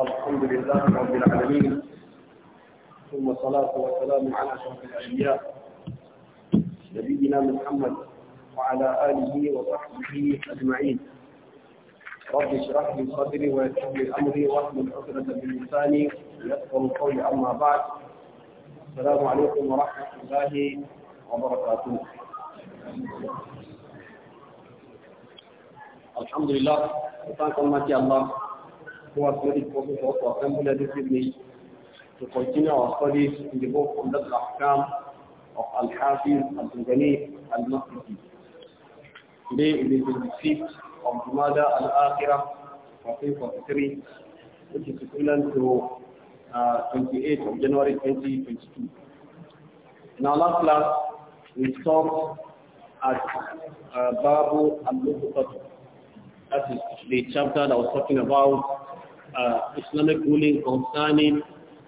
الحمد لله رب العالمين ثم الصلاة والسلام على شرف الأنبياء نبينا محمد وعلى آله وصحبه أجمعين رب اشرح لي صدري ويسر لي أمري واحلل عقدة من لساني يفقهوا قولي أما بعد السلام عليكم ورحمة الله وبركاته Alhamdulillah, we thank Almighty Allah who has made it possible for us to assemble this evening to continue our studies in the book of the Ahkam of Al-Hafiz Al-Ghani Al-Masjid. Today it is the fifth of Jumada Al-Akhirah 1443 which is equivalent to uh, 28 of January 2022. In our last class, we stopped at uh, Babu Al-Lubutatu that is the chapter that was talking about uh, Islamic ruling concerning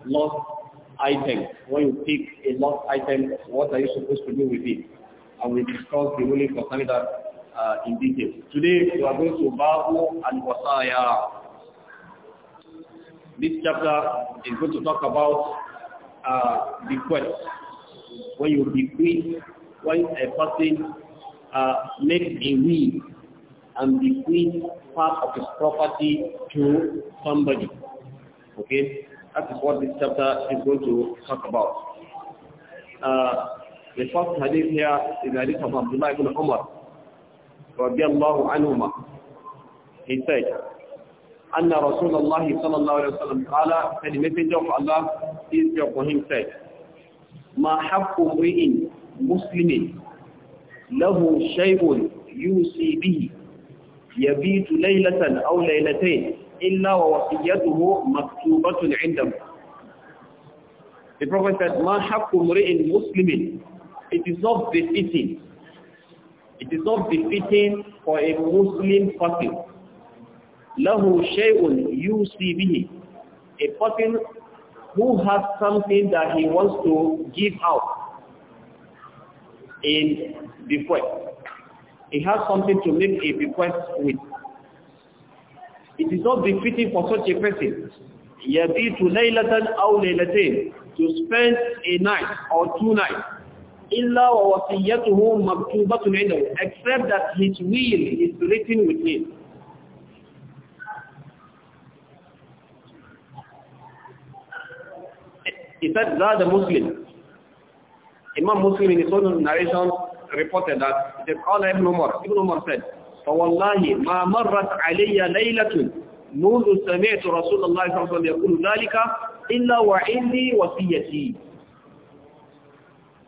lost items. When you pick a lost item, what are you supposed to do with it? And we discussed the ruling concerning that uh, in detail. Today, we are going to Babu and Wasaya. This chapter is going to talk about uh, bequest. When you bequeath, when a person uh, makes a will and bequeath part of his property to somebody. Okay? That is what this chapter is going to talk about. Uh, the first hadith here is the hadith of Abdullah ibn Umar. Radiallahu anhuma. He said, أن رسول الله صلى الله عليه وسلم قال and the messenger of Allah is your him said ما حق مسلم له شيء يوصي به يبيت ليلة أو ليلتين إلا ووصيته مكتوبة عنده The Prophet said, ما حق امرئ مسلم It is not befitting. It is not befitting for a Muslim person. له شيء يوصي به A person who has something that he wants to give out in the way. He has something to make a request with. It is not befitting for such a person to لَيْلَةً أَوْ لَيْلَتَيْنِ To spend a night or two nights. إِلَّا وَوَسِيَّتُهُ مَكْتُوبَةٌ عِنْدَهُ Except that his will is written with him. He said, that the Muslim. Imam Muslim in his own narration reported that it is Qala Ibn Umar. Ibn Umar said, فوالله ما مرت علي ليلة منذ سمعت رسول الله صلى الله عليه وسلم يقول ذلك إلا وعندي وصيتي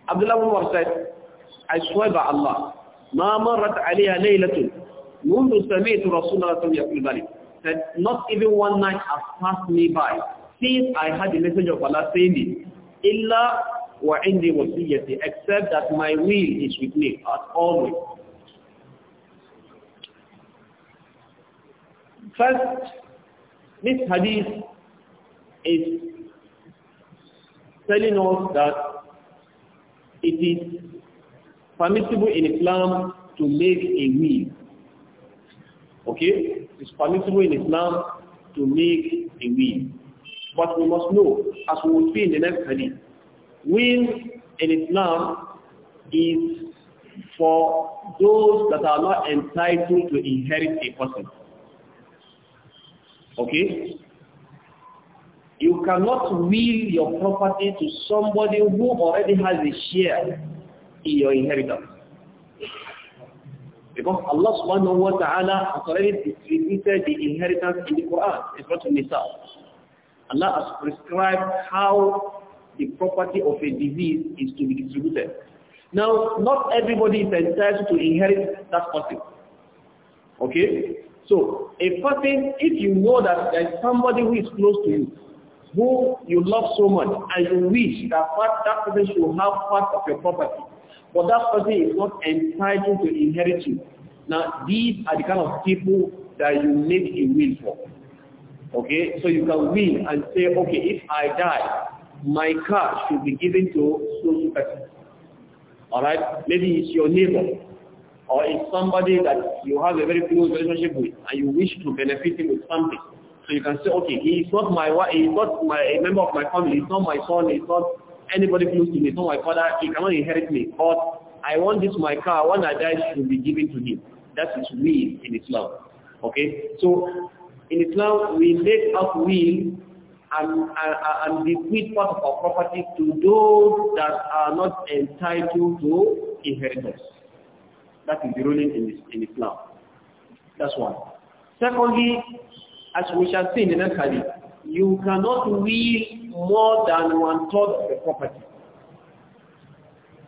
عبد الله بن عمر said I swear by Allah ما مرت عَلَيَّ ليلة منذ سمعت رسول الله صلى الله عليه وسلم يقول ذلك said not even one night has passed me by since I had the message of Allah saying it إلا وَعِنْدِي وَسِيَّتِي Except that my will is with me as always. First, this hadith is telling us that it is permissible in Islam to make a will. Okay? It's permissible in Islam to make a will. But we must know, as we will see in the next hadith, Will in Islam is for those that are not entitled to inherit a person. Okay? You cannot will your property to somebody who already has a share in your inheritance. Because Allah subhanahu wa ta'ala has already distributed the inheritance in the Quran, in Surah Nisa. Allah has prescribed how the property of a disease is to be distributed. Now, not everybody is entitled to inherit that person. Okay? So, a person, if you know that there is somebody who is close to you, who you love so much, and you wish that part, that person should have part of your property, but that person is not entitled to inherit you. Now, these are the kind of people that you make a will for. Okay? So you can will and say, okay, if I die, my car should be given to social person. All right? Maybe it's your neighbor or it's somebody that you have a very close relationship with and you wish to benefit him with something. So you can say, okay, he is not my wife, he is not my, a member of my family, he's not my son, he's not anybody close to me, he's not my father, he cannot inherit me. But I want this my car, when I die should be given to him. That is will in Islam. Okay? So in Islam we make up will and, and, and bequeath part of our property to those that are not entitled to inheritance. That is the ruling in, this, in Islam. That's one. Secondly, as we shall see in the next hadith, you cannot will more than one third of the property.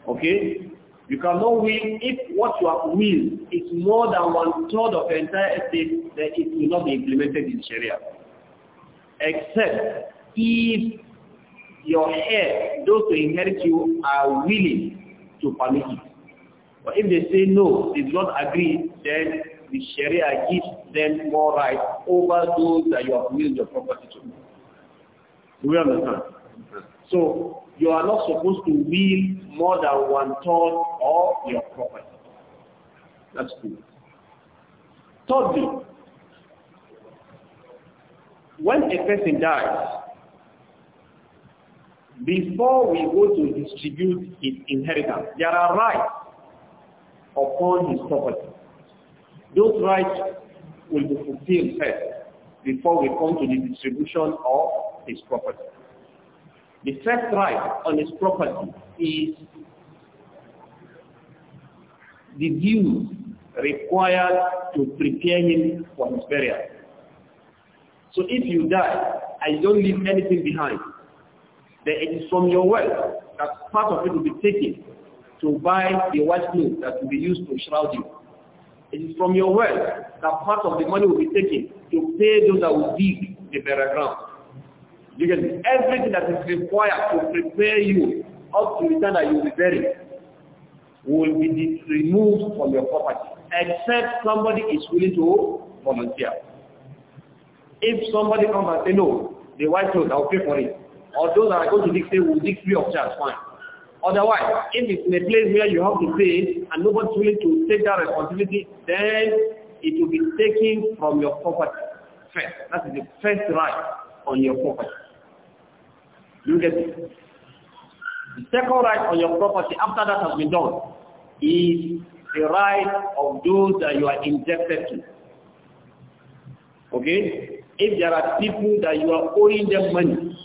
Okay? You cannot will if what you have will is more than one third of the entire estate, then it will not be implemented in Sharia except if your heir, those who inherit you, are willing to permit it. But if they say no, they do not agree, then the Sharia gives them more rights over those that you have willed your property to. Do we understand? So you are not supposed to will more than one third of your property. That's good. Thirdly, when a person dies, before we go to distribute his inheritance, there are rights upon his property. Those rights will be fulfilled first before we come to the distribution of his property. The first right on his property is the due required to prepare him for his burial. So if you die and you don't leave anything behind, then it is from your wealth that part of it will be taken to buy the white clothes that will be used to shroud you. It is from your wealth that part of the money will be taken to pay those that will dig the burial ground. You everything that is required to prepare you up to the time that you will be buried will be removed from your property, except somebody is willing to volunteer. If somebody comes and say, no, the white clothes, I'll pay for it. Or those that are going to dig say, will dig free of charge, fine. Otherwise, if it's in a place where you have to pay and nobody's willing to take that responsibility, then it will be taken from your property first. That is the first right on your property. You get it? The second right on your property after that has been done is the right of those that you are indebted to. Okay? if there are people that you are owing them money,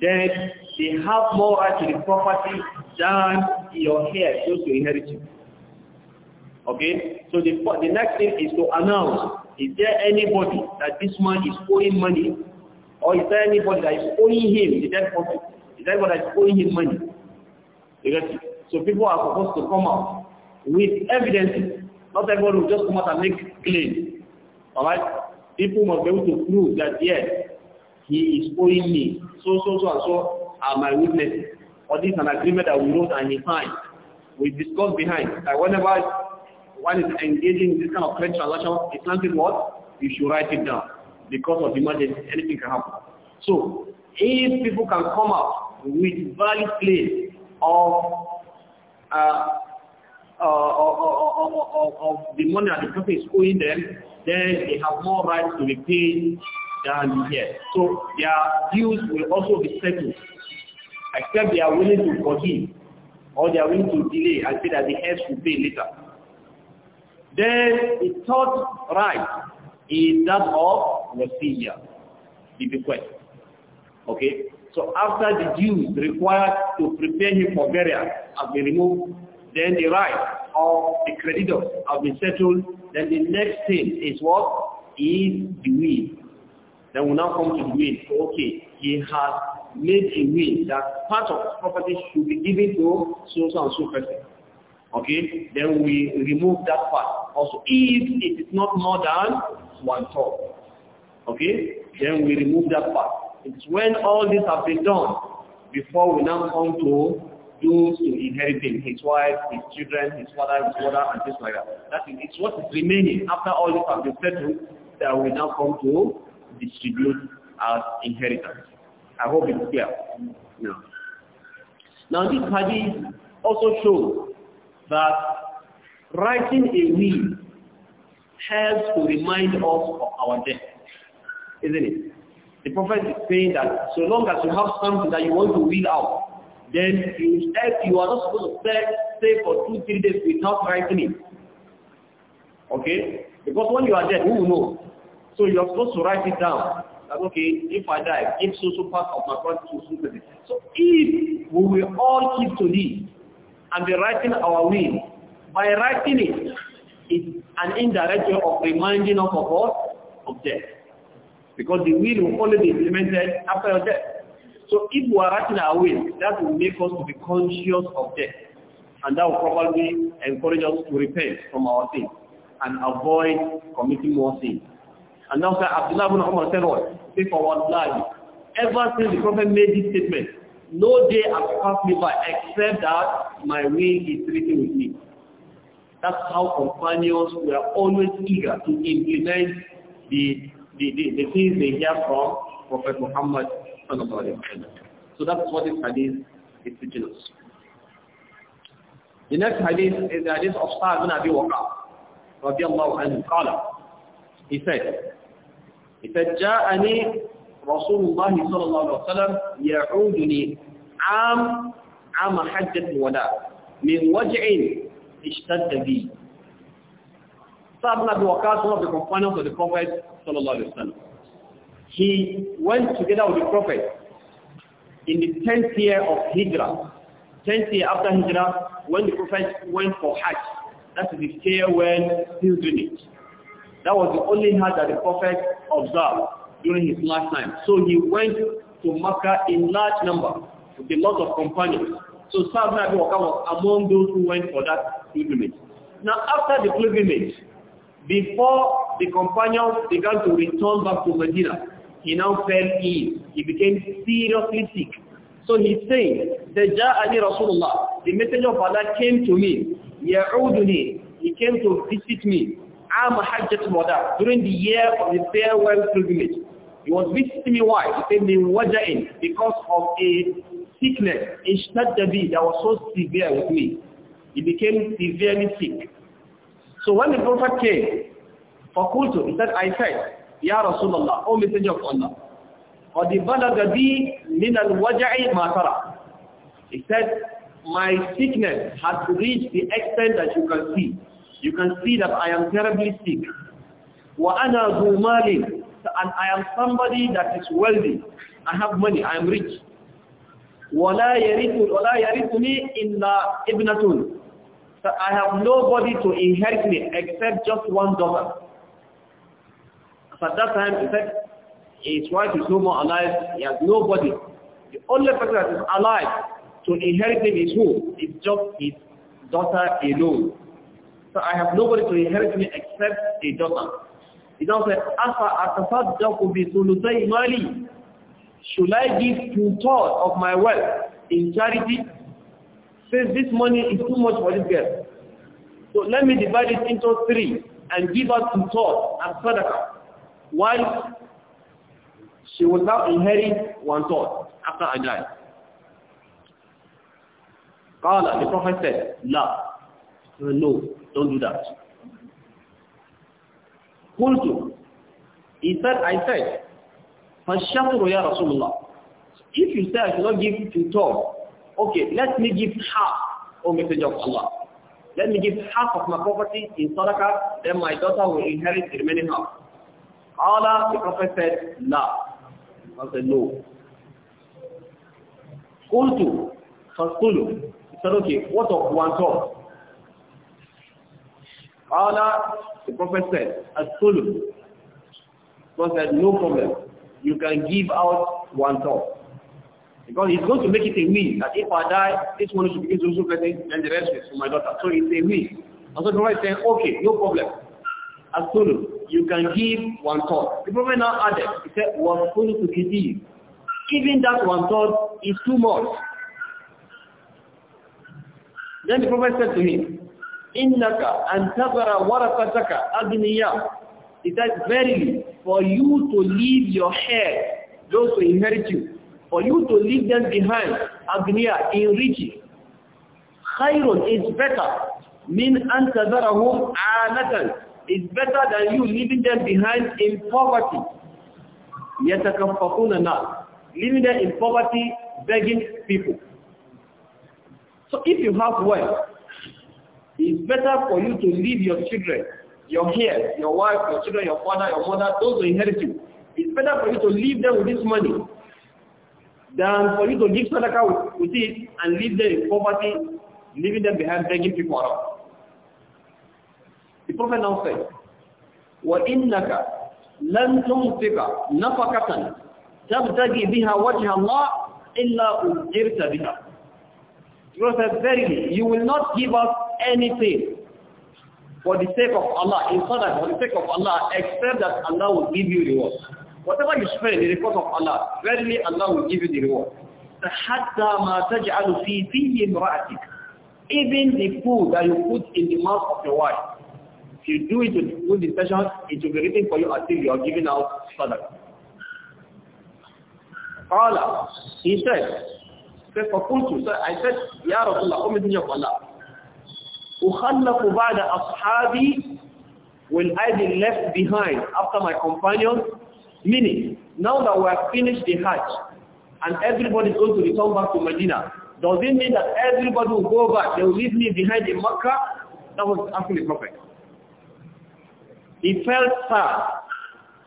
then they have more right to the property than your heirs, those who inherit you. Okay? So the, the next thing is to announce, is there anybody that this man is owing money? Or is there anybody that is owing him the dead property? Is there anybody that is owing him money? Because, so people are supposed to come out with evidence. Not everyone will just come out and make claims. Alright? People must be able to prove that, yes, he is owing me. So, so, so, and so are my witnesses. Or this is an agreement that we wrote and he signed. We discussed behind. That whenever one is engaging in this kind of credit transaction, Islam says what? You should write it down. Because of emergency, anything can happen. So, if people can come up with valid claims of uh, uh, of, of, of, of the money that the company is owing them, then they have more rights to retain than here. So their dues will also be settled, except they are willing to forgive or they are willing to delay and say that the heirs will pay later. Then the third right is that of wasiya, the bequest. Okay? So after the Jews required to prepare him for burial has been removed, then the right or the creditors have been settled, then the next thing is what? Is the will. Then we now come to the will. okay, he has made a will that part of his property should be given to so and so person. Okay, then we remove that part. Also, if it is not more than one third. Okay, then we remove that part. It's when all this has been done before we now come to those to him, his wife, his children, his father, his mother, and things like that. That is it's what is remaining after all this has been settled that we now come to distribute as inheritance. I hope it's clear. Yeah. Now this hadith also shows that writing a will helps to remind us of our death, isn't it? The prophet is saying that so long as you have something that you want to will out, then you you are not supposed to stay, stay for two, three days without writing it. Okay? Because when you are dead, who will know? So you are supposed to write it down. Like, okay, if I die, give so-so part of my body to so So if we will all keep to this and be writing our will, by writing it, it's an indirect way of reminding us of what? Of death. Because the will will only be implemented after your death. So if we are acting our will, that will make us to be conscious of death. And that will probably encourage us to repent from our sins and avoid committing more sins. And now Sir Abdullah ibn Umar said what? Say for one Ever since the Prophet made this statement, no day has passed me by except that my will is written with me. That's how companions were always eager to implement the, the, the, the things they hear from Prophet Muhammad so that's what this hadith is teaching us. The next hadith is the hadith of Sa'ad bin Abi Waqa. رضي الله عنه قال he said he said جاءني رسول الله صلى الله عليه وسلم يعودني عام عام حجة الوداع من وجع اشتد بي Sa'ad Waqa one of the companions of the Prophet صلى الله عليه وسلم he went together with the Prophet in the 10th year of Hijrah. 10th year after Hijrah, when the Prophet went for Hajj. That is the year when he doing it. That was the only Hajj that the Prophet observed during his lifetime. So he went to Makkah in large number with a lot of companions. So Sa'd was among those who went for that pilgrimage. Now after the pilgrimage, before the companions began to return back to Medina, he now fell ill. He became seriously sick. So he's saying, Jaali Rasulullah, the messenger of Allah came to me. Ya'uduni, he came to visit me. I'm a Hajjat Wada, during the year of the farewell pilgrimage. He was visiting me why? He said, Min waja'in, because of a sickness, ishtadda bi, that was so severe with me. He became severely sick. So when the Prophet came, Fakultu, he said, I said, Ya Rasulullah, O Messenger of الله قَدِ بَلَغَ بِي مِنَ الْوَجَعِ مَا تَرَى He said, my sickness has reached the extent that you can see. You can see that I am terribly sick. وَأَنَا ذُو مَالٍ And I am somebody that is wealthy. I have money, I am rich. وَلَا يَرِثُ وَلَا يَرِثُنِي إِلَّا إِبْنَةٌ I have nobody to inherit me except just one daughter. But that time he said, his wife is no more alive, he has nobody. The only person that is alive to inherit him is who? It's just his daughter alone. So I have nobody to inherit me except a daughter. He now said, Afa atasaddaqu bi thulutay mali. Should I give two-thirds of my wealth in charity? Says this money is too much for this girl. So let me divide it into three and give out two-thirds as sadaqah. One, she will now inherit one third after I die. Qala, the Prophet said, La. No, don't do that. Qultu. He said, I said, Fashatru ya Rasulullah. If you say I cannot give two thirds, okay, let me give half, O Messenger of Allah. Let me give half of my property in Sadaqah, then my daughter will inherit the remaining half. Allah, the Prophet said, La. I said, No. Qultu, Fasulu. He said, Okay, what of one top? Allah, the Prophet said, Asulu. Prophet said, No problem. You can give out one top. Because he's going to make it a win that if I die, this one should begin to do something and the rest is for my daughter. So it's a win. And so the Prophet said, Okay, no problem. Asulu, you can give one thought. The Prophet now added, he said, was thought to give. Even that one thought is too much. Then the Prophet said to him, Innaka antabara warakataka agniya. It says, verily, for you to leave your heir those who inherit you, for you to leave them behind, agniya, in riches, khairun is better, min antabarahum anatan, is better than you leaving them behind in poverty. يَتَكَفَّقُونَ now, Leaving them in poverty, begging people. So if you have wealth, it's better for you to leave your children, your heirs, your wife, your children, your father, your mother, those who inherit you. It's better for you to leave them with this money than for you to give sadaqah with, with it and leave them in poverty, leaving them behind begging people around. The Prophet now said, وَإِنَّكَ لَن تُمْسِكَ nafakatan tabtagi بِهَا وَجْهَ اللَّهِ إِلَّا أُجِرْتَ بِهَا The Prophet said, Verily, you will not give us anything for the sake of Allah, in fact, for the sake of Allah, except that Allah will give you reward. Whatever you spend in the cause of Allah, verily Allah will give you the reward. حتى ما تجعل في فيه امرأتك even the food that you put in the mouth of your wife If you do it with discussion, it will be written for you until you are giving out sadaqah. Allah, he said, said فَقُلْتُ, so I said, Ya Rasulullah, O Messenger of Allah, أُخَلَّقُ بَعْدَ أَصْحَابِي Will I be left behind after my companions? Meaning, now that we have finished the Hajj, and everybody is going to return back to Medina, does it mean that everybody will go back, they will leave me behind in Makkah? That was asking the Prophet. He felt sad.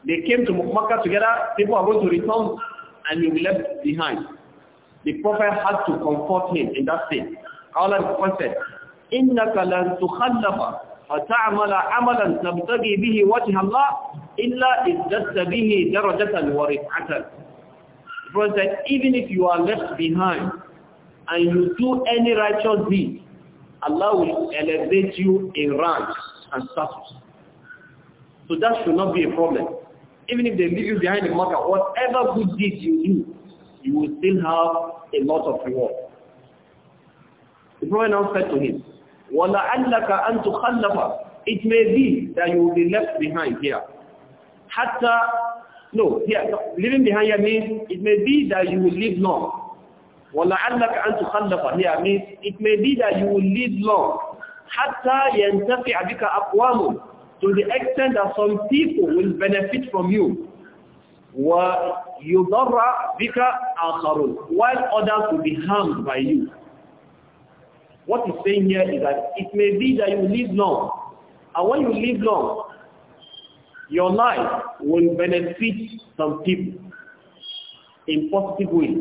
They came to Makkah together. People are going to return and you'll be left behind. The Prophet had to comfort him in that sense. Allah the Prophet said, إِنَّكَ لَن تُخَلَّفَ فَتَعْمَلَ عَمَلًا تَبْتَغِي بِهِ وَجْهَ اللَّهِ إِلَّا إِزْدَدْتَ بِهِ دَرَجَةً وَرِفْعَةً The Prophet said, even if you are left behind and you do any righteous deed, Allah will elevate you in rank and status. So that should not be a problem. Even if they leave you behind the marker, whatever good deeds you do, you will still have a lot of reward. The Prophet now said to him, وَلَعَلَّكَ أَن تُخَلَّفَ It may be that you will be left behind here. Hatta, No, here, leaving behind here means it may be that you will live long. وَلَعَلَّكَ أَن تُخَلَّفَ Here means it may be that you will live long. حَتَّى يَنْتَفِعَ بِكَ أَقْوَامٌ to the extent that some people will benefit from you. وَيُضَرَّ بِكَ آخَرُونَ While others will be harmed by you. What he's saying here is that it may be that you live long. And when you live long, your life will benefit some people in positive ways.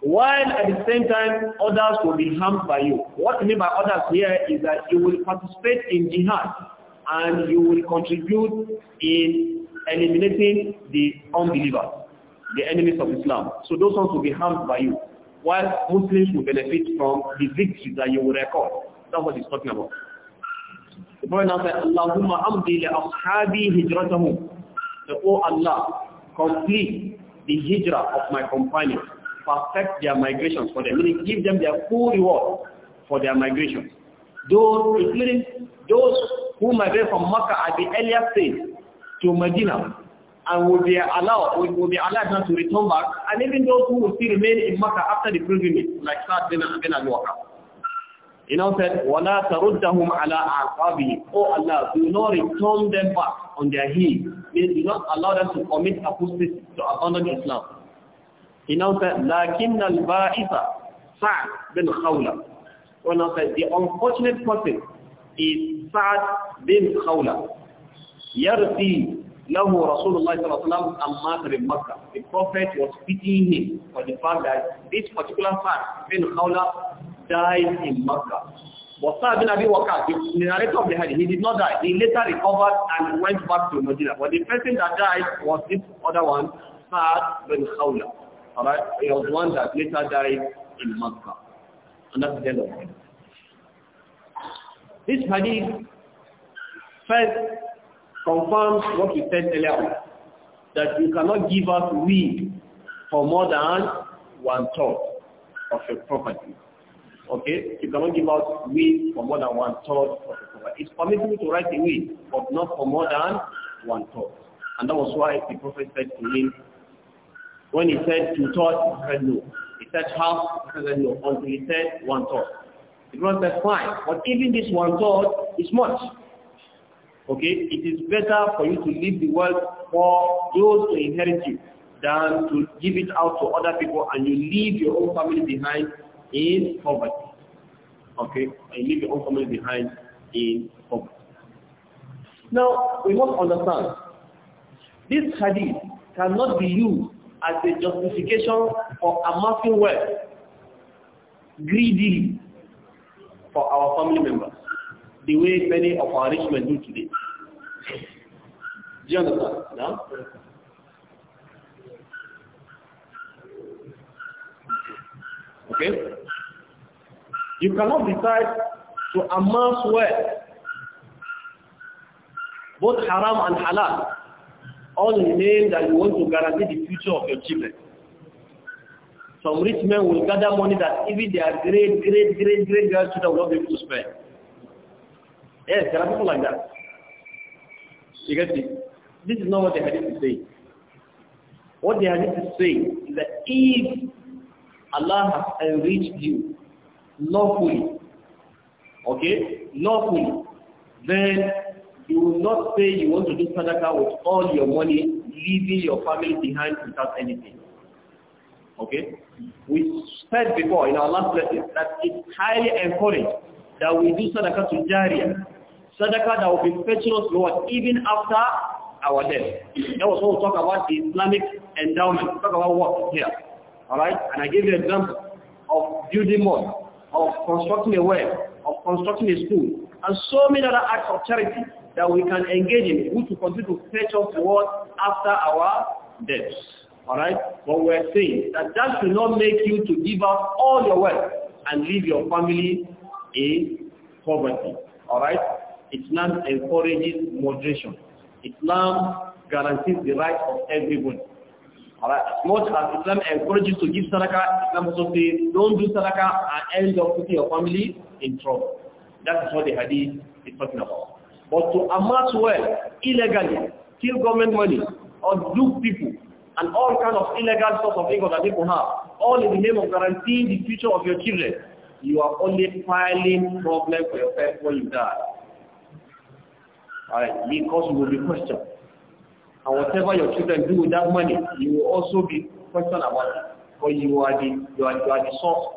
While at the same time, others will be harmed by you. What I mean by others here is that you will participate in jihad and you will contribute in eliminating the unbelievers, the enemies of Islam. So those ones will be harmed by you, while Muslims will benefit from the victory that you will record. That's what he's talking about. The Prophet now said, Allahumma amdi li ashabi hijratahum. So, oh Allah, complete the hijrah of my companions. Perfect their migrations for them. Meaning give them their full reward for their migrations. Those, including those who migrate from Mecca at the earlier stage to Medina and will be allowed will be allowed now to return back, and even those who will still remain in Mecca after the pilgrimage, like Sa'd bin, bin al -Waka. You know said, وَلَا تَرُدَّهُمْ عَلَىٰ أَعْقَابِهِ Oh Allah, do not return them back on their heels. Means do not allow them to commit apostasy, to abandon Islam. He now said, لَكِنَّ الْبَائِثَ bin Khawla. When said, the unfortunate person is Sa'd bin Khawla. Yardi lahu Rasulullah sallallahu alaihi wasallam The Prophet was pitying him for the fact that this particular Sa'd bin Khawla died in Makkah. But Sa'd bin Abi Waqqas, the narrator of the hadith, he did not die. He later recovered and went back to Medina. But the person that died was this other one, Sa'd bin Khawla. Alright, he was the one that later died in Makkah. And that's the end of it. This hadith first confirms what we said earlier on, that you cannot give us weed for more than one third of your property. Okay? You cannot give out weed for more than one third of your property. It's permissible to write a weed, but not for more than one third. And that was why the Prophet said to him, when he said two thirds, he said no. He said half, he said no, until he said one third. It was that fine. But even this one thought is much. Okay, it is better for you to leave the world for those to inherit you than to give it out to other people and you leave your own family behind in poverty. Okay, and leave your own family behind in poverty. Now, we must understand, this hadith cannot be used as a justification for amassing wealth greedily for our family members, the way many of our rich men do today. Do you understand? No? Okay? You cannot decide to amass wealth, both haram and halal, all in the name that you want to guarantee the future of your children. Some rich men will gather money that even their great, great, great, great grandchildren will not be able to spend. Yes, there are people like that. You get it? This is not what are going to say. What are going to say is that if Allah has enriched you lawfully, okay, lawfully, then you will not say you want to do sadaqah with all your money, leaving your family behind without anything. Okay? We said before in our last lesson that it's highly encouraged that we do sadaqah to jariyah. Sadaqah that will be fetching us Lord even after our death. That was what we talk about the Islamic endowment. We talk about what here. Alright? And I gave you an example of building mosque, of constructing a well, of constructing a school, and so many other acts of charity that we can engage in which will continue to fetch us towards after our deaths. Alright? But we're saying that that should not make you to give up all your wealth and leave your family in poverty. Alright? Islam encourages moderation. Islam guarantees the rights of everyone. Alright? As much as Islam encourages to give sadaqah, Islam also says don't do sadaqah and end up putting your family in trouble. That is what the hadith is talking about. But to amass wealth illegally, steal government money, or dupe people, and all kind of illegal sorts of income that people have, all in the name of guaranteeing the future of your children, you are only piling problems for yourself when you die. Alright, because you will be questioned. And whatever your children do with that money, you will also be questioned about it. Because you are the you are you are the source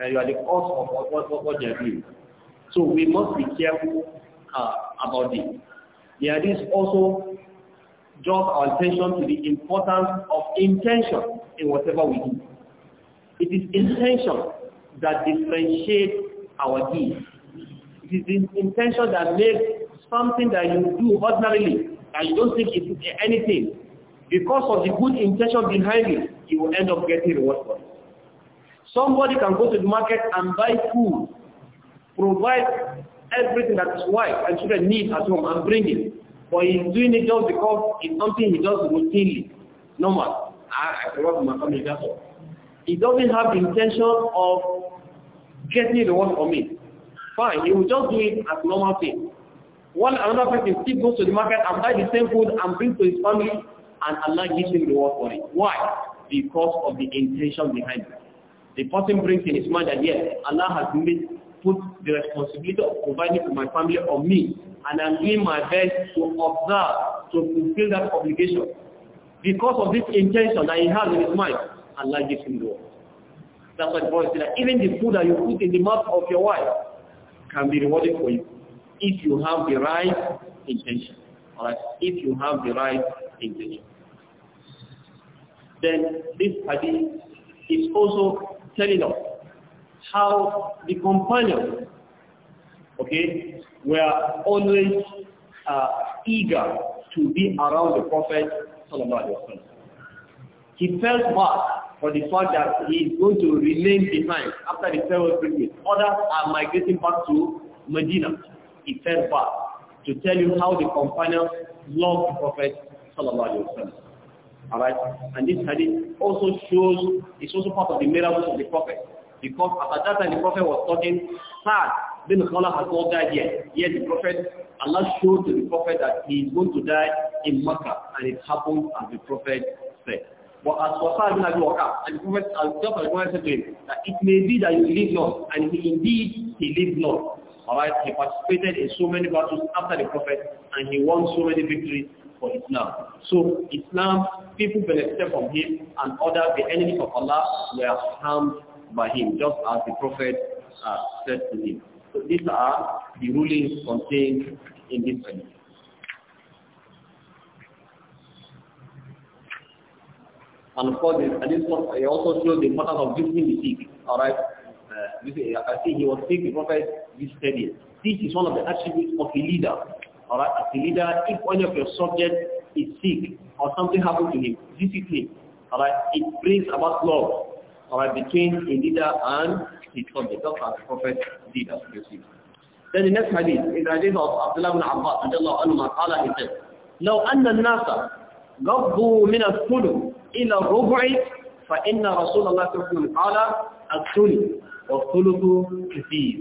and you are the cause of what what, what they are doing. So we must be careful uh, about this. The hadith also draws our attention to the importance of intention in whatever we do. It is intention that differentiates our deeds. It is intention that makes something that you do ordinarily and you don't think it's anything. Because of the good intention behind it, you will end up getting reward for it. Somebody can go to the market and buy food, provide everything that his wife and children need at home and bring it. But he's doing it just because it's something he does routinely, normal. I, I forgot my family, that's all. He doesn't have the intention of getting the one for me. Fine, he will just do it as normal thing. One another person still goes to the market and buy the same food and bring to his family and Allah gives him the reward for it. Why? Because of the intention behind it. The person brings in his mind that yes, Allah has made, put the responsibility of providing for my family on me and I'm doing my best to observe, to fulfill that obligation. Because of this intention that he has in his mind, Allah gives him the work. That's why the Prophet said that even the food that you put in the mouth of your wife can be rewarded for you if you have the right intention. Alright, if you have the right intention. Then this hadith is also telling us how the companion okay, were always uh, eager to be around the Prophet He felt bad for the fact that he is going to remain behind after the seven period. Others are migrating back to Medina. He felt bad to tell you how the companions loved the Prophet Alright, and this hadith also shows, it's also part of the miracles of the Prophet. Because at that time the Prophet was talking sad then the has not died yet. Yet the prophet, Allah showed to the prophet that he is going to die in Makkah, and it happened as the prophet said. But as for bin Abi Waqqas, and the prophet, the prophet said to him, that it may be that you live not, and he indeed, he lived not. Alright, he participated in so many battles after the prophet, and he won so many victories for Islam. So Islam, people benefited from him, and other, the enemies of Allah, were harmed by him, just as the prophet uh, said to him. So these are the rulings contained in this one. And of course, this he also shows the importance of visiting the sick. All right, uh, I think he was sick. The prophet visited him. This is one of the attributes of a leader. All right, as a leader, if one of your subjects is sick or something happened to him, visit him. All right, it brings about love. All right, between a leader and told the Prophet did as you see. Then the next hadith is the hadith of Abdullah ibn Abbas, Allah anhu, qala, he said, لو أن الناس غضوا من الثلث إلى الربع فإن رسول الله صلى الله عليه وسلم قال الثلث والثلث كثير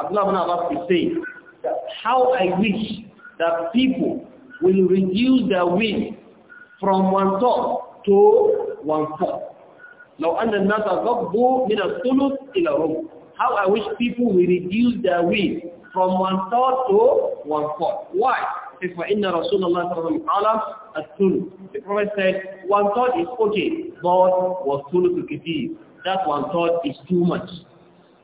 Abdullah ibn Abbas is saying that how I wish that people will reduce their weight from one third to one fourth. لو أن الناس غضبوا من الثلث إلى الربع how I wish people will reduce their weight from one third to one fourth. Why? فإن رسول الله صلى الله عليه وسلم قال الثلث. The Prophet said one third is okay, but was والثلث كثير. That one third is too much.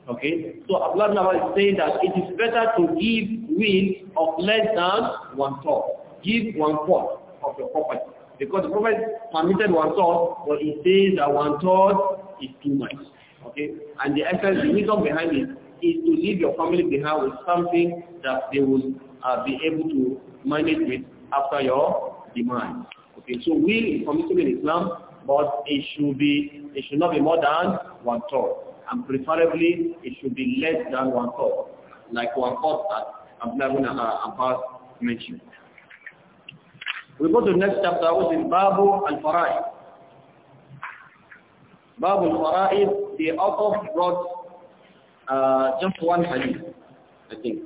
Okay, so Abdullah ibn is saying that it is better to give will of less than one third. Give one fourth of your property. Because the Prophet permitted one thought, but he says that one thought is too much. Okay? And the essence, the reason behind it is to leave your family behind with something that they will uh, be able to manage with after your demise. Okay, so we in permissible in Islam, but it should be it should not be more than one third. And preferably it should be less than one third. Like one third that Abdullah uh, Abbas mentioned. We go to the next chapter, which is Babu al-Fara'id. Babu al-Fara'id, the author brought uh, just one hadith, I think.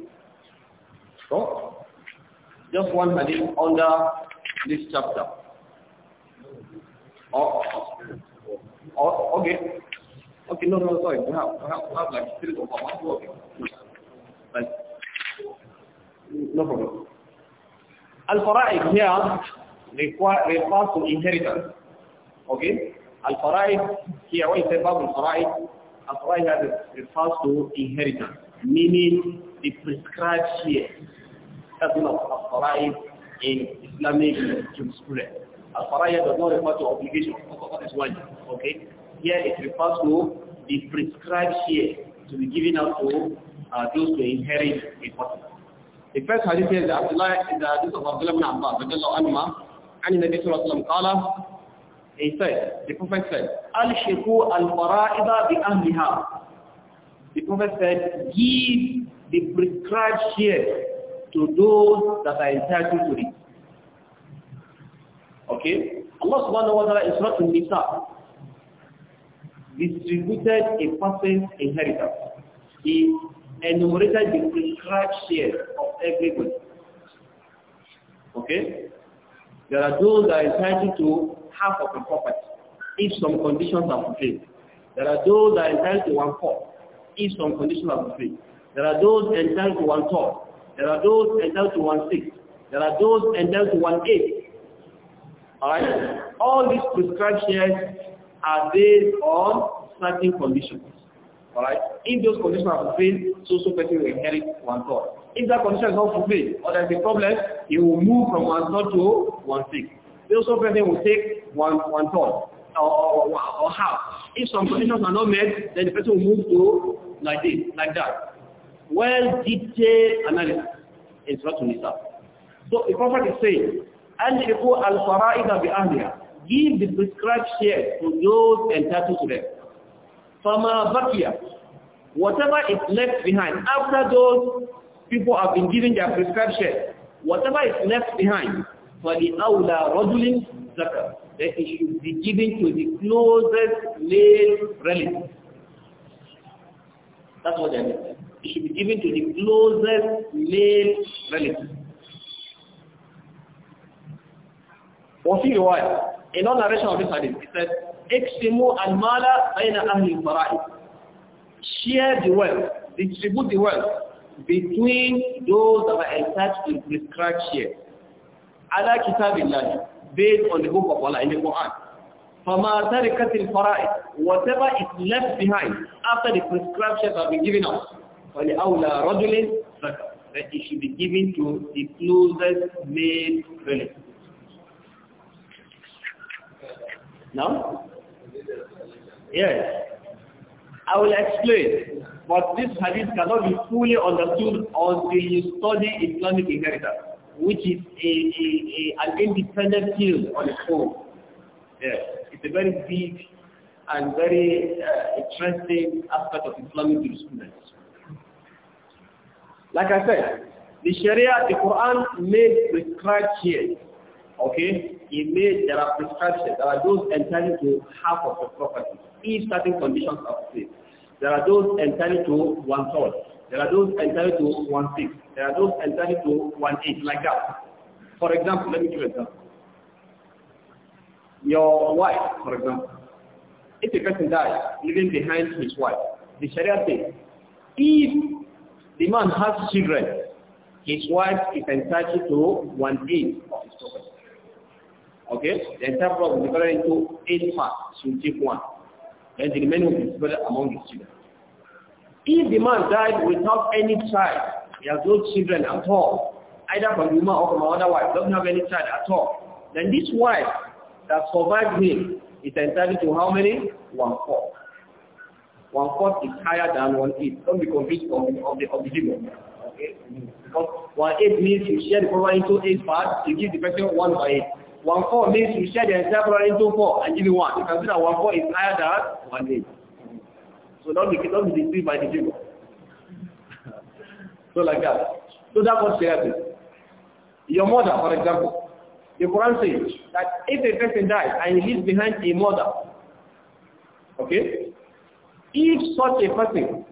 So, just one hadith under this chapter. Oh, oh, oh okay. Okay, no, no, sorry. We have, we have, we have like three or four. Okay. Like, no problem. Al-Fara'id here require, refers to inheritance. Okay? Al-Fara'id here, when you say Bab al-Fara'id, Al-Fara'id here refers to inheritance, meaning the prescribed share. That's not Al-Fara'id in Islamic jurisprudence. Al-Fara'id does not refer to obligation. What is one? Okay? Here it refers to the prescribed share to be given out to uh, those who inherit a property. The first hadith is Abdullah, the hadith of Abdullah ibn Abbas, radiallahu anhu, and the Nabi sallallahu alayhi he said, the Prophet said, Al-Shiku al-Fara'iba bi ahliha. The Prophet said, give the prescribed share to those that are entitled to it. Okay? Allah subhanahu wa ta'ala is not in Nisa distributed a person's inheritance. He enumerated the prescribed share of everybody. Okay? There are those that are entitled to half of the property if some conditions are fulfilled. There are those that are entitled to one fourth if some conditions are fulfilled. There are those entitled to one third. There are those entitled to one sixth. There are those entitled to one eighth. Alright? All these prescribed shares are based on certain conditions. All right. If those conditions are fulfilled, so so person will inherit one thought. If that condition is not fulfilled or there is a problem, he will move from one thought to one sixth. The so person will take one one third or, or, or half. If some conditions are not met, then the person will move to like this, like that. Well detailed analysis is what we need. So the Prophet is saying, أَلْحِقُوا الْفَرَائِدَ بِأَهْلِهَا Give the prescribed share to those entitled to them. Fama Bakia, whatever is left behind after those people have been given their prescription, whatever is left behind, for the Aula rajulin zakar, that it should be given to the closest male relative. That's what I mean. It should be given to the closest male relative. وفي رواية in all narration of this hadith, it says. Eksimu al-mala bayna Share the wealth, distribute the wealth between those that are attached to prescribed share. كتاب الله based on the book of Allah in the Quran. فَمَا تَرِكَتِ الْفَرَائِضِ Whatever is left behind after the prescribed shares have been given out, فَلِأَوْلَى رَجُلٍ زَكَى That it should be given to the closest male relative. Now, Yes. I will explain, but this hadith cannot be fully understood until you study Islamic inheritance, which is a, a, a, an independent field on its own. Yes, it's a very big and very uh, interesting aspect of Islamic jurisprudence. Like I said, the Sharia, the Quran made prescribed here, okay, he made, there are prescriptions, there are those entitled to half of the property, if certain conditions are fulfilled. There are those entitled to one third. There are those entitled to one sixth. There are those entitled to one eighth, like that. For example, let me give you an example. Your wife, for example. If a person dies, leaving behind his wife, the Sharia says, if the man has children, his wife is entitled to one eighth of his property. Okay? The entire program is divided into eight parts. you take one. And the remaining will be divided among the children. If the man died without any child, he has no children at all, either from the woman or from another wife, doesn't have any child at all, then this wife that survived him is entitled to how many? One fourth. One fourth is higher than one eighth. Don't be confused of the, of the, of the because one eight means you share the program into eight parts, you give the person one by eight. One four means you share the entire program into four and give it 1. You can see that 1 4 is higher than one eight, So don't be, don't be deceived by the figure. so like that. So that was therapy. Your mother, for example, the Quran says that if a person dies and leaves behind a mother, okay, if such a person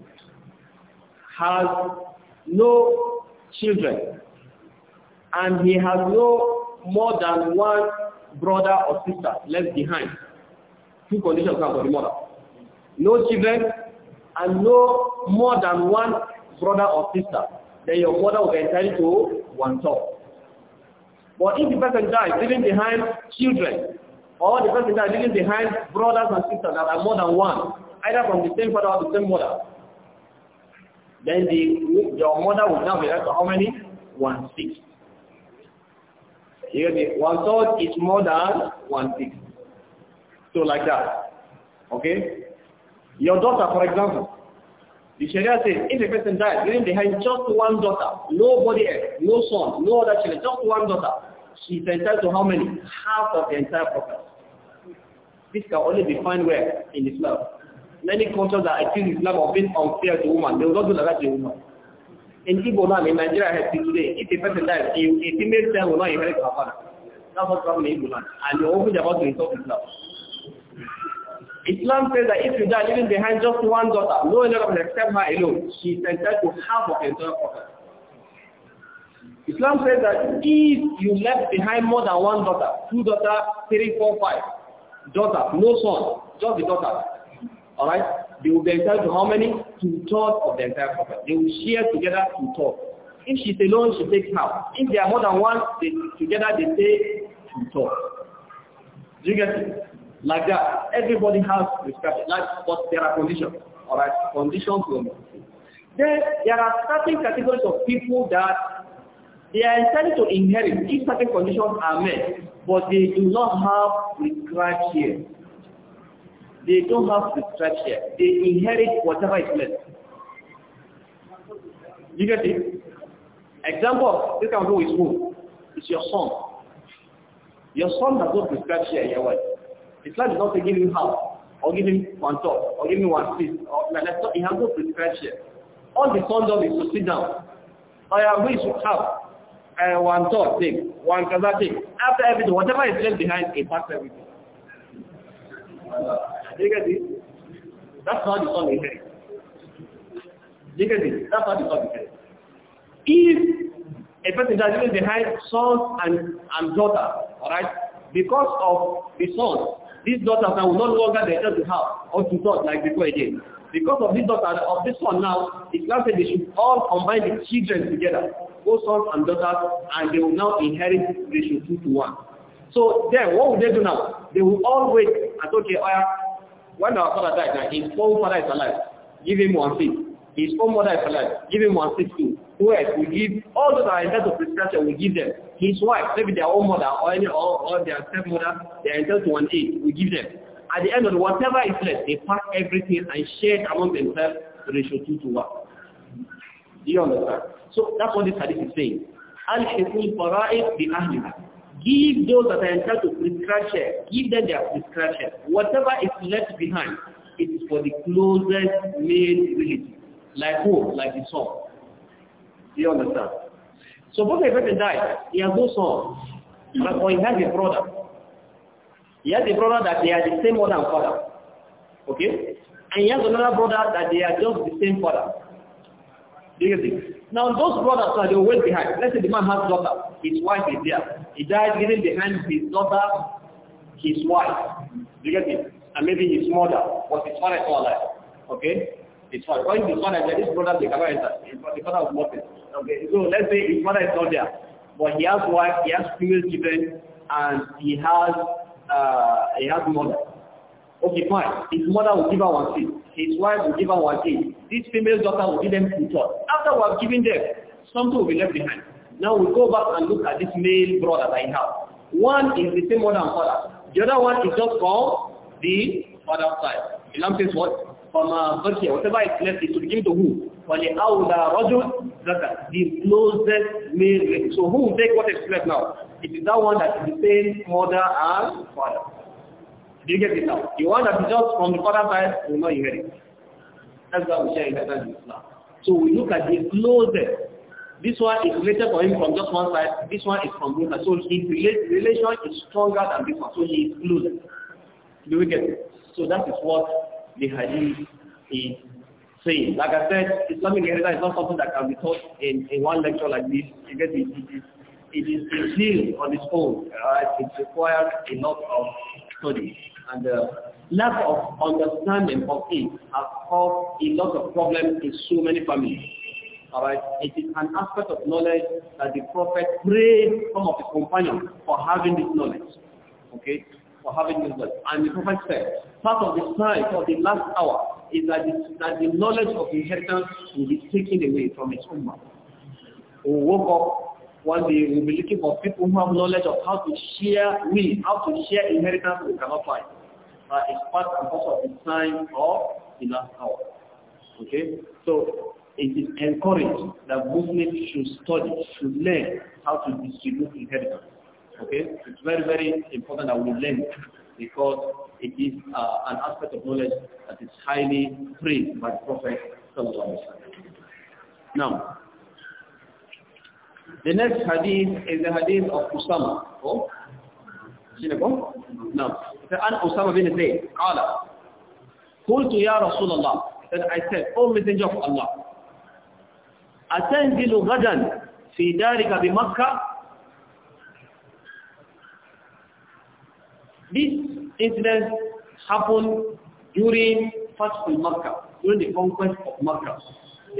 has no children, and he has no more than one brother or sister left behind. Two conditions come for the mother. No children and no more than one brother or sister. Then your mother will be entitled to one son. But if the person dies leaving behind children, or the person dies leaving behind brothers and sisters that are more than one, either from the same father or the same mother, then the, your mother will now be left how many? One sixth. You get One third is more than one sixth. So like that. Okay? Your daughter, for example, the Sharia says if a person dies leaving behind just one daughter, nobody else, no son, no other children, just one daughter, she's entitled to how many? Half of the entire property. This can only be found where? In Islam many cultures that accuse Islam of being unfair to women. They will not do like that to women. In Igbo land, in Nigeria, I today, if a person dies, a, a female child will not inherit her father. That's what's happening in Igbo land. And you're always about to insult Islam. Islam says that if you die leaving behind just one daughter, no one else except her alone, she is entitled to half of the entire property. Islam says that if you left behind more than one daughter, two daughters, three, four, five, daughter, no son, just the daughter, all right? They will be entitled to how many? Two-thirds of the entire property. They will share together two-thirds. If she's alone, she takes half. If there are more than one, they, together they take two-thirds. Do you get it? Like that. Everybody has respect. Like, but there are conditions. All right? Conditions will Then there are certain categories of people that they are entitled to inherit if certain conditions are met, but they do not have prescribed here they don't have to stretch structure. They inherit whatever is left. You get it? Example, this can go is who? It's your son. Your son does not prescribed share your wife. Islam is not to give him half, or give him one top, or give him piece, or like that. He has no prescribed share. All the son does is to sit down. I am going to have uh, one top thing, one kaza thing. After everything, whatever is left behind, he packs everything. You it? That's how the song is headed. it? That's how the song is If a person that lives behind sons and, and daughter, alright, because of the sons, these daughters now will no longer themselves to have or to talk like before again. Because of this daughter, of this son now, Islam said they should all combine the children together, both sons and daughters, and they will now inherit ratio two to one. So then, what will they do now? They will all wait and okay, oh yeah, When our father died, uh, his own father is alive, give him one seat. His own mother is alive, give him one seat too. Who else? We give, all those that are entitled to prescription, we give them. His wife, maybe their own mother or, any, or, or their stepmother, they are entitled to one aid, we give them. At the end of whatever is left, they pack everything and share it among themselves, ratio 2 to 1. Do you understand? So that's what this hadith is saying. Al-Hisul Fara'id bi Ahliha. Give those that are entitled to prescribed share, give them their prescribed share. Whatever is left behind, it is for the closest male relative, like who? Like the son. Do you understand? So a person died, he has no son, but or he has a brother. He has a brother that they are the same mother and father. Okay? And he has another brother that they are just the same father. Do you think? Now those brothers are always behind. Let's say the man has daughter, his wife is there. He died leaving behind his daughter, his wife, you get it? And maybe his mother, was his father for life. Okay? His father. When his father is his brother, they The father of mortal. Okay, so let's say his father is not there. But he has wife, he has female children, and he has, uh, he has mother. Okay, fine. His mother will give her one kid. His wife will give her one kid. This female daughter will give them two thoughts. After we have given them, something will be left behind. Now we go back and look at this male brother that I have. One is the same mother and father. The other one is just from the father side. Islam says what? From uh, here, whatever is left is to be given to who? فَلِأَوْلَى رَجُلْ زَكَى The closest male relation. So who will take what is left now? It is that one that is the same mother and father. Do you get it now? The one that is just from the father side You not inherit. That's what we share inheritance in Islam. So we look at the closest this one is related for him from just one side. This one is from another. So his relation is stronger than this one. So he is closer. Do we get it? So that is what the hadith is saying. Like I said, Islamic inheritance is not something that can be taught in, in one lecture like this. You get it? It is, it is a on its own. Right? It requires a lot of study. And the lack of understanding of it has caused a lot of problems in so many families. All right, it is an aspect of knowledge that the prophet praised some of his companions for having this knowledge. Okay, for having this knowledge. And the prophet said, part of the sign of the last hour is that the, that the knowledge of inheritance will be taken away from its ummah. We woke up one day, we'll be looking for people who have knowledge of how to share we, how to share inheritance we cannot find. That is part and parcel of the sign of the last hour. Okay, so it is encouraged that Muslims should study, should learn how to distribute inheritance. Okay? It's very, very important that we learn because it is uh, an aspect of knowledge that is highly praised by the Prophet Now, the next hadith is the hadith of Usama. Oh? Now, عن أسامة بن زيد قال قلت يا رسول الله then I said, O Messenger of Allah, أتنزل غدا في دارك بمكة This incident happened during Fatih Makkah, during the conquest of Makkah.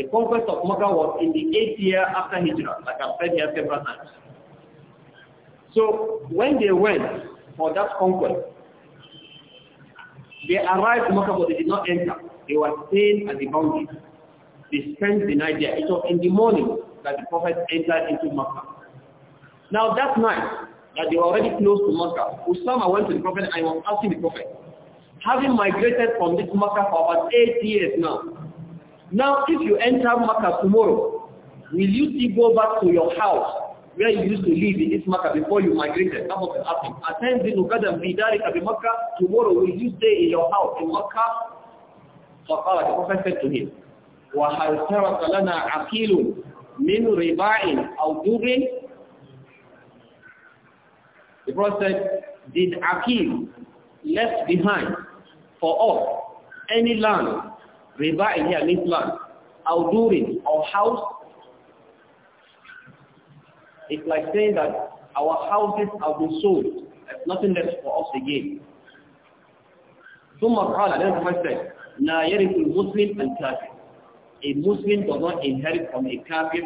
The conquest of Makkah was in the 8th year after Hijrah, like I've said here several times. So when they went for that conquest, they arrived in Makkah but they did not enter. They were staying at the boundary. They spent the night there. It was in the morning that the Prophet entered into Makkah. Now that night, that they were already close to Makkah, Usama went to the Prophet and was asking the Prophet, having migrated from this Makkah for about eight years now, now if you enter Makkah tomorrow, will you still go back to your house where you used to live in this Makkah before you migrated? That was the asking. Attend the Nukadam Bidari bi Makkah, tomorrow will you stay in your house in Makkah? So Allah, the Prophet said to him, وهل ترك لنا عقيل من رباع أو در The Prophet said, did Akil left behind for us any land, riba in here means land, or during or house? It's like saying that our houses have been sold. There's nothing left for us again. ثم قال then the said, لا يرث المسلم الكافر a Muslim does not inherit from a kafir.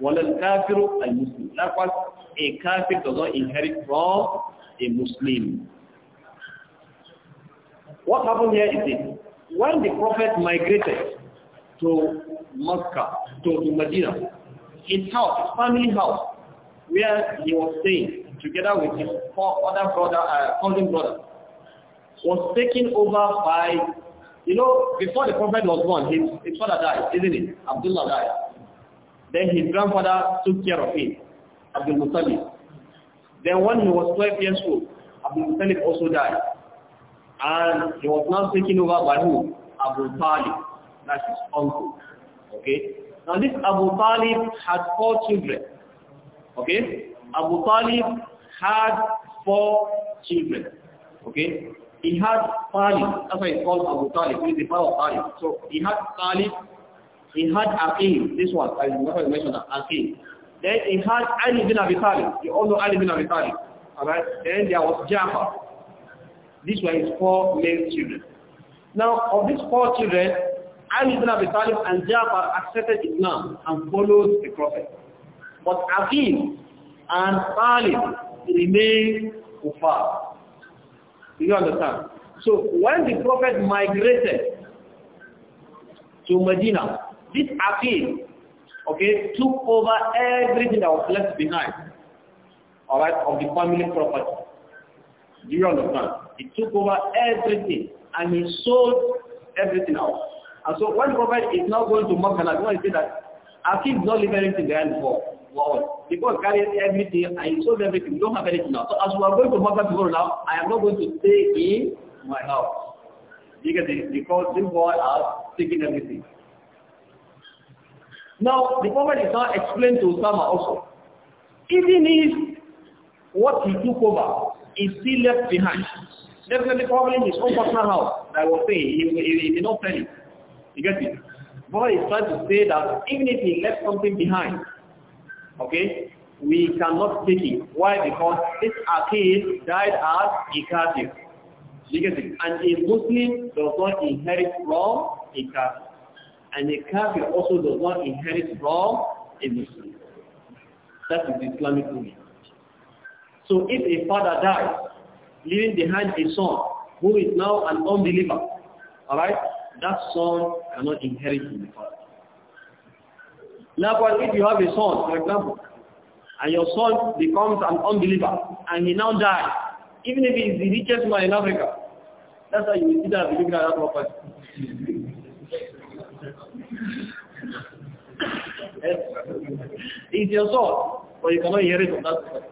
وَلَا الْكَافِرُ Muslim. Likewise, a kafir does not inherit from a Muslim. What happened here is this. When the Prophet migrated to Mecca, to, to Medina, his house, his family house, where he was staying together with his four other brother, uh, cousin brother, was taken over by you know, before the Prophet was born, his, his father died, isn't it? Abdullah died. Then his grandfather took care of him, Abdul Muttalib. Then when he was 12 years old, Abdul Muttalib also died. And he was now taken over by who? Abu Talib. That's his uncle. Okay? Now this Abu Talib had four children. Okay? Abu Talib had four children. Okay? He had Talib. That's why it's called Abu Talib. the father of Talib. So he had Talib. He had Aki, This one, I remember mentioned that, Aqil. Then he had Ali bin Abi Talib. You all know Ali bin Abi Talib. Alright? Then there was Japa. These were his four male children. Now, of these four children, Ali bin Abi Talib and Japa accepted Islam and followed the Prophet. But Aki and Talib remained kuffar. You understand? So when the Prophet migrated to Medina, this appeal, okay, took over everything that was left behind, all right, of the family property. Do you understand? He took over everything and he sold everything out. And so when Prophet is now going to and I want to say that Akib is not leaving anything behind for forward. Because carries everything, I sold everything. You don't have anything now. So as we are going to Mecca tomorrow now, I am not going to stay in my house. Because, because this boy are taking everything. Now, the Prophet is now explained to Osama also. Even if what he took over is still left behind, definitely probably problem. his own personal house, I will say, he, he, he did not sell it. You get it? But he's trying to say that even if he left something behind, Okay? We cannot take it. Why? Because this Akid died as a kafir. And a Muslim does not inherit from a kafir. And a kafir also does not inherit from a Muslim. That is Islamic rule. So if a father dies, leaving behind a son who is now an unbeliever, alright, that son cannot inherit from the father. Now, but if you have a son, for example, and your son becomes an unbeliever, and he now dies, even if he is the richest man in Africa, that's how you see that looking at that property. It's your son, but you cannot inherit it from that person.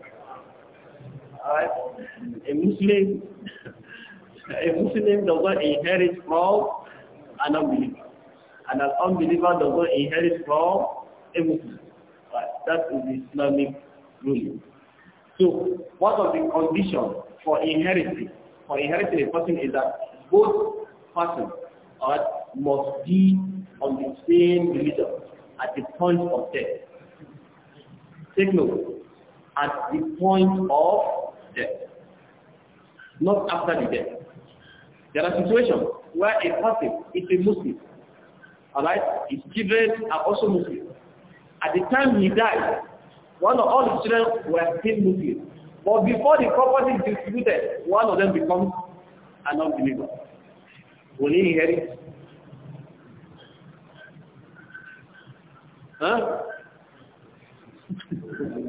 Alright? A Muslim, a Muslim does not inherit from an unbeliever. And an unbeliever does not inherit from everything. Right? That is Islamic ruling. So, one of the conditions for inheritance, for inheriting a person is that both persons must be on the same religion at the point of death. Take note, at the point of death, not after the death. There are situations where a person is a Muslim, alright, his children are also Muslim, At the time he died, one of all the children were still Muslims. But before the property is distributed, one of them becomes an unbeliever. Will he inherit? Huh?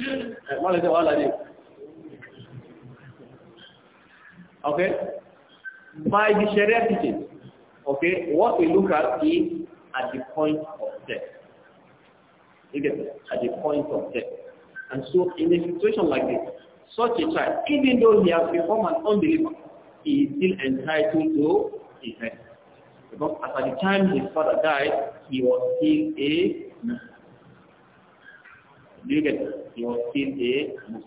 Eh, what is the one like Okay? By the Sharia teaching, okay, what we look at is at the point of You get at the point of death. And so in a situation like this, such a child, even though he has become an unbeliever, he is still entitled to his Because at the time his father died, he was still a Muslim. you get He was still a Muslim.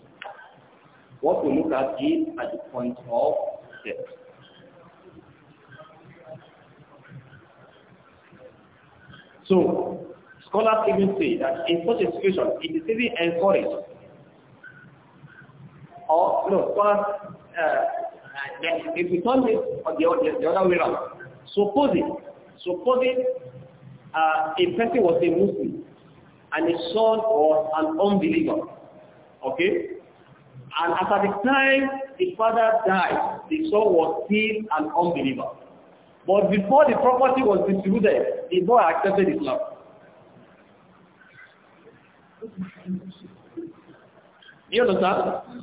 What we look at is at the point of death. So, Scholars even say that in such a situation, it is even encouraged. Or, no, scholars, uh, uh, if we turn this the, the, other way around, supposing, supposing uh, a person was a Muslim and his son was an unbeliever, okay? And at the time the father died, the son was still an unbeliever. But before the property was distributed, the boy accepted Islam. You understand?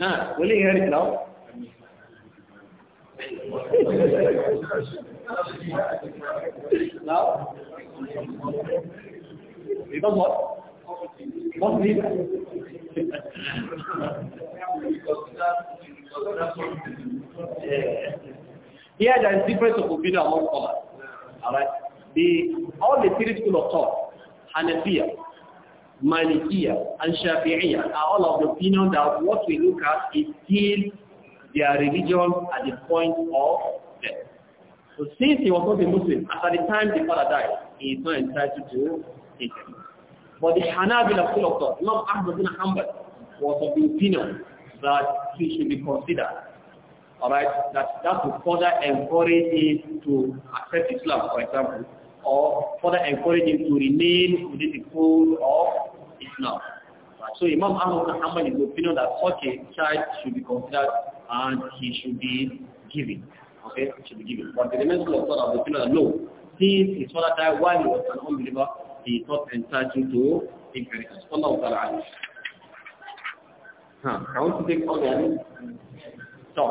Huh? Will you yeah. Here there is difference of opinion among scholars. Alright? The all the three school of thought, Hanafiya, Malikiya, and Shafi'iyya are all of the opinion that what we look at is still their religion at the point of death. So since he was not a Muslim, at the time the father died, he is not entitled to it. But the Hanabila school of thought, not Ahmad bin Hanbal, was of the opinion that he should be considered. Alright, that, that would further encourage him to accept Islam, for example, or further encouraging to remain within the fold of Islam. So Imam Ahmad bin Hanbal is opinion that such a child should be considered and he should be given. Okay, should be given. But the remaining of thought of the opinion that no, since his father died while he was an unbeliever, he thought entitled to inheritance. Allah Ta'ala. Huh. I want to take all the So,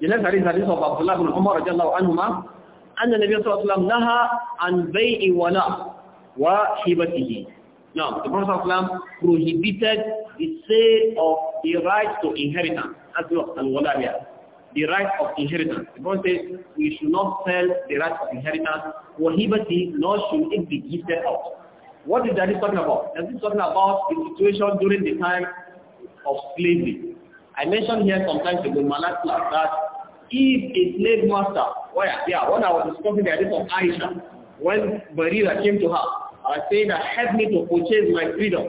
the next hadith hadith of Abdullah bin Umar radiallahu anhumah أن النبي صلى الله عليه وسلم نهى عن بيع ولا وهبته Now, the Prophet ﷺ prohibited the sale of the right to inheritance, as well as the right of inheritance. The Prophet says, we should not sell the right of inheritance, wahibati, nor should it be gifted out. What is that is talking about? That is talking about the situation during the time of slavery. I mentioned here sometimes ago, Malak, that Eve, a slave master. Where? Yeah, when I was discussing the idea of Aisha, when Barira came to her, I said that help me to purchase my freedom.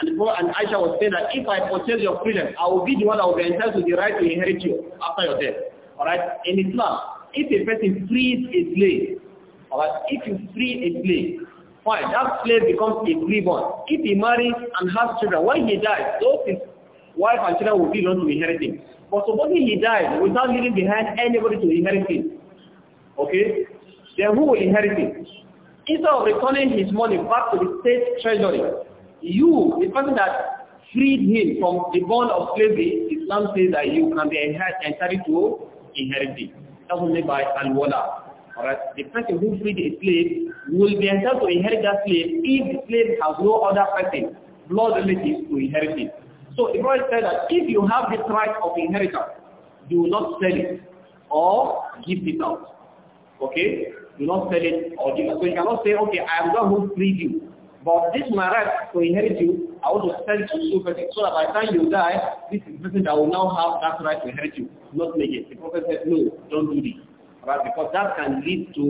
And, and Aisha was saying that if I purchase your freedom, I will be the one that will be entitled to the right to inherit you after your death. Alright? In Islam, if a person frees a slave, alright, if you free a slave, fine, that slave becomes a freeborn. If he marries and has children, when he dies, those his wife and children will be the to inherit him. But supposing he died without leaving behind anybody to inherit it, okay, then who will inherit it? Instead of returning his money back to the state treasury, you, the person that freed him from the bond of slavery, Islam says that you can be entitled to inherit it. That's only by al-wala. Alright, the person who freed a slave will be entitled to inherit that slave if the slave has no other person, blood relatives to inherit it. So Ibrahim said that if you have this right of inheritance, do not sell it or give it out. Okay? Do not sell it or give it. So you cannot say, okay, I am not who freed you. But this my right to inherit you, I want to sell it to you so that by the time you die, this is person that will now have that right to inherit you. Not make it. The prophet said, no, don't do this. Right? Because that can lead to